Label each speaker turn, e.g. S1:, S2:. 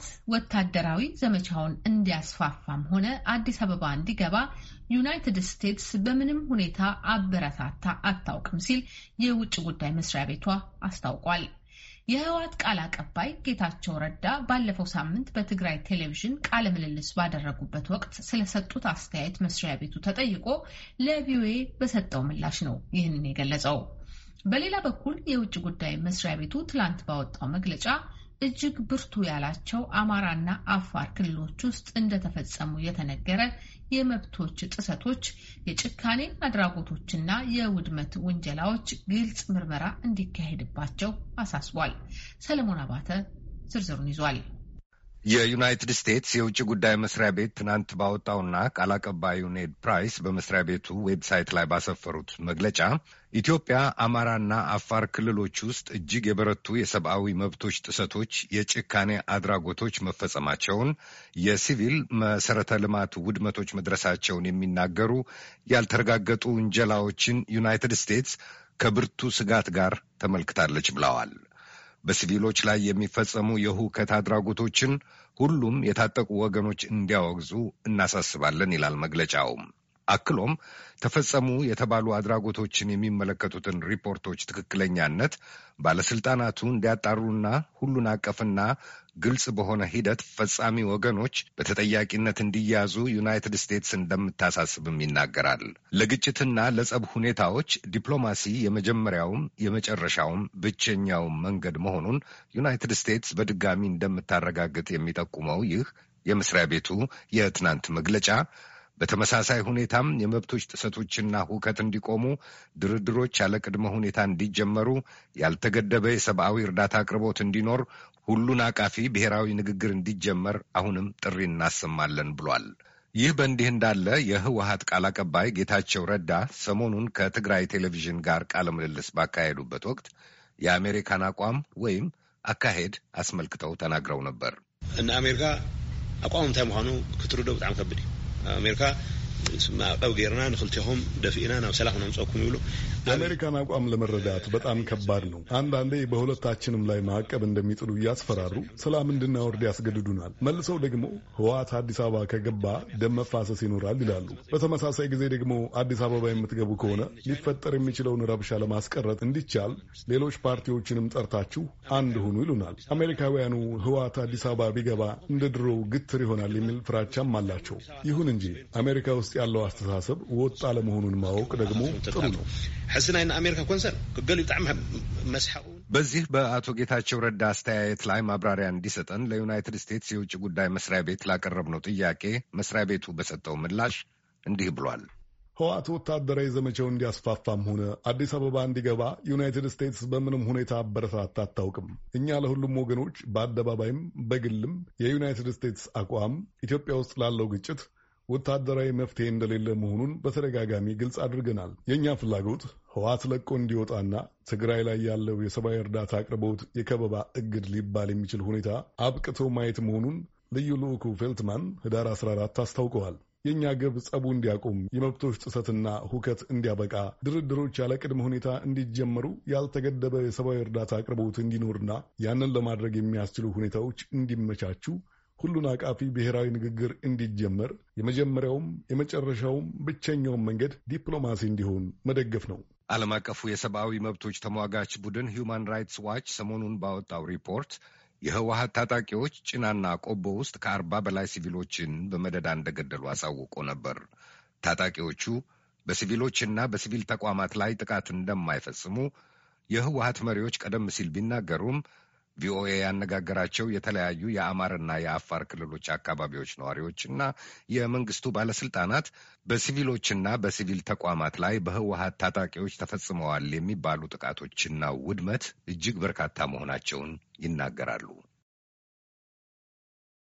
S1: ህወሓት ወታደራዊ ዘመቻውን እንዲያስፋፋም ሆነ አዲስ አበባ እንዲገባ ዩናይትድ ስቴትስ በምንም ሁኔታ አበረታታ አታውቅም ሲል የውጭ ጉዳይ መስሪያ ቤቷ አስታውቋል። የህወሓት ቃል አቀባይ ጌታቸው ረዳ ባለፈው ሳምንት በትግራይ ቴሌቪዥን ቃለ ምልልስ ባደረጉበት ወቅት ስለሰጡት አስተያየት መስሪያ ቤቱ ተጠይቆ ለቪኦኤ በሰጠው ምላሽ ነው ይህንን የገለጸው። በሌላ በኩል የውጭ ጉዳይ መስሪያ ቤቱ ትላንት ባወጣው መግለጫ እጅግ ብርቱ ያላቸው አማራና አፋር ክልሎች ውስጥ እንደተፈጸሙ የተነገረ የመብቶች ጥሰቶች፣ የጭካኔ አድራጎቶችና የውድመት ውንጀላዎች ግልጽ ምርመራ እንዲካሄድባቸው አሳስቧል። ሰለሞን አባተ ዝርዝሩን ይዟል።
S2: የዩናይትድ ስቴትስ የውጭ ጉዳይ መስሪያ ቤት ትናንት ባወጣውና ቃል አቀባዩ ኔድ ፕራይስ በመስሪያ ቤቱ ዌብሳይት ላይ ባሰፈሩት መግለጫ ኢትዮጵያ አማራና አፋር ክልሎች ውስጥ እጅግ የበረቱ የሰብአዊ መብቶች ጥሰቶች፣ የጭካኔ አድራጎቶች መፈጸማቸውን፣ የሲቪል መሰረተ ልማት ውድመቶች መድረሳቸውን የሚናገሩ ያልተረጋገጡ ውንጀላዎችን ዩናይትድ ስቴትስ ከብርቱ ስጋት ጋር ተመልክታለች ብለዋል። በሲቪሎች ላይ የሚፈጸሙ የሁከት አድራጎቶችን ሁሉም የታጠቁ ወገኖች እንዲያወግዙ እናሳስባለን ይላል መግለጫውም። አክሎም ተፈጸሙ የተባሉ አድራጎቶችን የሚመለከቱትን ሪፖርቶች ትክክለኛነት ባለስልጣናቱ እንዲያጣሩና ሁሉን አቀፍና ግልጽ በሆነ ሂደት ፈጻሚ ወገኖች በተጠያቂነት እንዲያዙ ዩናይትድ ስቴትስ እንደምታሳስብም ይናገራል። ለግጭትና ለጸብ ሁኔታዎች ዲፕሎማሲ የመጀመሪያውም የመጨረሻውም ብቸኛውም መንገድ መሆኑን ዩናይትድ ስቴትስ በድጋሚ እንደምታረጋግጥ የሚጠቁመው ይህ የመስሪያ ቤቱ የትናንት መግለጫ በተመሳሳይ ሁኔታም የመብቶች ጥሰቶችና ሁከት እንዲቆሙ፣ ድርድሮች ያለ ቅድመ ሁኔታ እንዲጀመሩ፣ ያልተገደበ የሰብአዊ እርዳታ አቅርቦት እንዲኖር፣ ሁሉን አቃፊ ብሔራዊ ንግግር እንዲጀመር አሁንም ጥሪ እናሰማለን ብሏል። ይህ በእንዲህ እንዳለ የህወሀት ቃል አቀባይ ጌታቸው ረዳ ሰሞኑን ከትግራይ ቴሌቪዥን ጋር ቃለ ምልልስ ባካሄዱበት ወቅት የአሜሪካን አቋም ወይም አካሄድ አስመልክተው ተናግረው ነበር። እና አሜሪካ አቋም እንታይ ምዃኑ ክትርዶ በጣም ከብድ እዩ میرے خواہ አቀብ ጌርና ንክልቲኹም ደፊእና ናብ ሰላም ነምፀኩም ይብሉ።
S3: የአሜሪካን አቋም ለመረዳት በጣም ከባድ ነው። አንዳንዴ በሁለታችንም ላይ ማዕቀብ እንደሚጥሉ እያስፈራሩ ሰላም እንድናወርድ ያስገድዱናል። መልሰው ደግሞ ህወሓት አዲስ አበባ ከገባ ደም መፋሰስ ይኖራል ይላሉ። በተመሳሳይ ጊዜ ደግሞ አዲስ አበባ የምትገቡ ከሆነ ሊፈጠር የሚችለውን ረብሻ ለማስቀረት እንዲቻል ሌሎች ፓርቲዎችንም ጠርታችሁ አንድ ሁኑ ይሉናል። አሜሪካውያኑ ህወሓት አዲስ አበባ ቢገባ እንደ ድሮው ግትር ይሆናል የሚል ፍራቻም አላቸው። ይሁን እንጂ አሜሪካ ውስጥ ውስጥ ያለው አስተሳሰብ ወጥ አለመሆኑን ማወቅ ደግሞ ጥሩ ነው።
S2: በዚህ በአቶ ጌታቸው ረዳ አስተያየት ላይ ማብራሪያ እንዲሰጠን ለዩናይትድ ስቴትስ የውጭ ጉዳይ መስሪያ ቤት ላቀረብነው ጥያቄ መስሪያ ቤቱ በሰጠው ምላሽ እንዲህ ብሏል።
S3: ህወሓት ወታደራዊ ዘመቻው እንዲያስፋፋም ሆነ አዲስ አበባ እንዲገባ ዩናይትድ ስቴትስ በምንም ሁኔታ አበረታታ አታውቅም። እኛ ለሁሉም ወገኖች በአደባባይም በግልም የዩናይትድ ስቴትስ አቋም ኢትዮጵያ ውስጥ ላለው ግጭት ወታደራዊ መፍትሄ እንደሌለ መሆኑን በተደጋጋሚ ግልጽ አድርገናል። የእኛ ፍላጎት ህወሓት ለቆ እንዲወጣና ትግራይ ላይ ያለው የሰብአዊ እርዳታ አቅርቦት የከበባ እግድ ሊባል የሚችል ሁኔታ አብቅቶ ማየት መሆኑን ልዩ ልዑኩ ፌልትማን ህዳር 14 አስታውቀዋል። የእኛ ግብ ጸቡ እንዲያቆም የመብቶች ጥሰትና ሁከት እንዲያበቃ፣ ድርድሮች ያለ ቅድመ ሁኔታ እንዲጀመሩ፣ ያልተገደበ የሰብአዊ እርዳታ አቅርቦት እንዲኖርና ያንን ለማድረግ የሚያስችሉ ሁኔታዎች እንዲመቻቹ ሁሉን አቃፊ ብሔራዊ ንግግር እንዲጀመር የመጀመሪያውም የመጨረሻውም ብቸኛውም መንገድ ዲፕሎማሲ እንዲሆን መደገፍ ነው።
S2: ዓለም አቀፉ የሰብአዊ መብቶች ተሟጋች ቡድን ሂዩማን ራይትስ ዋች ሰሞኑን ባወጣው ሪፖርት የህወሀት ታጣቂዎች ጭናና ቆቦ ውስጥ ከአርባ በላይ ሲቪሎችን በመደዳ እንደገደሉ አሳውቆ ነበር። ታጣቂዎቹ በሲቪሎችና በሲቪል ተቋማት ላይ ጥቃት እንደማይፈጽሙ የህወሀት መሪዎች ቀደም ሲል ቢናገሩም ቪኦኤ ያነጋገራቸው የተለያዩ የአማርና የአፋር ክልሎች አካባቢዎች ነዋሪዎችና የመንግስቱ ባለስልጣናት በሲቪሎችና በሲቪል ተቋማት ላይ በህወሀት ታጣቂዎች ተፈጽመዋል የሚባሉ
S3: ጥቃቶችና ውድመት እጅግ በርካታ መሆናቸውን ይናገራሉ።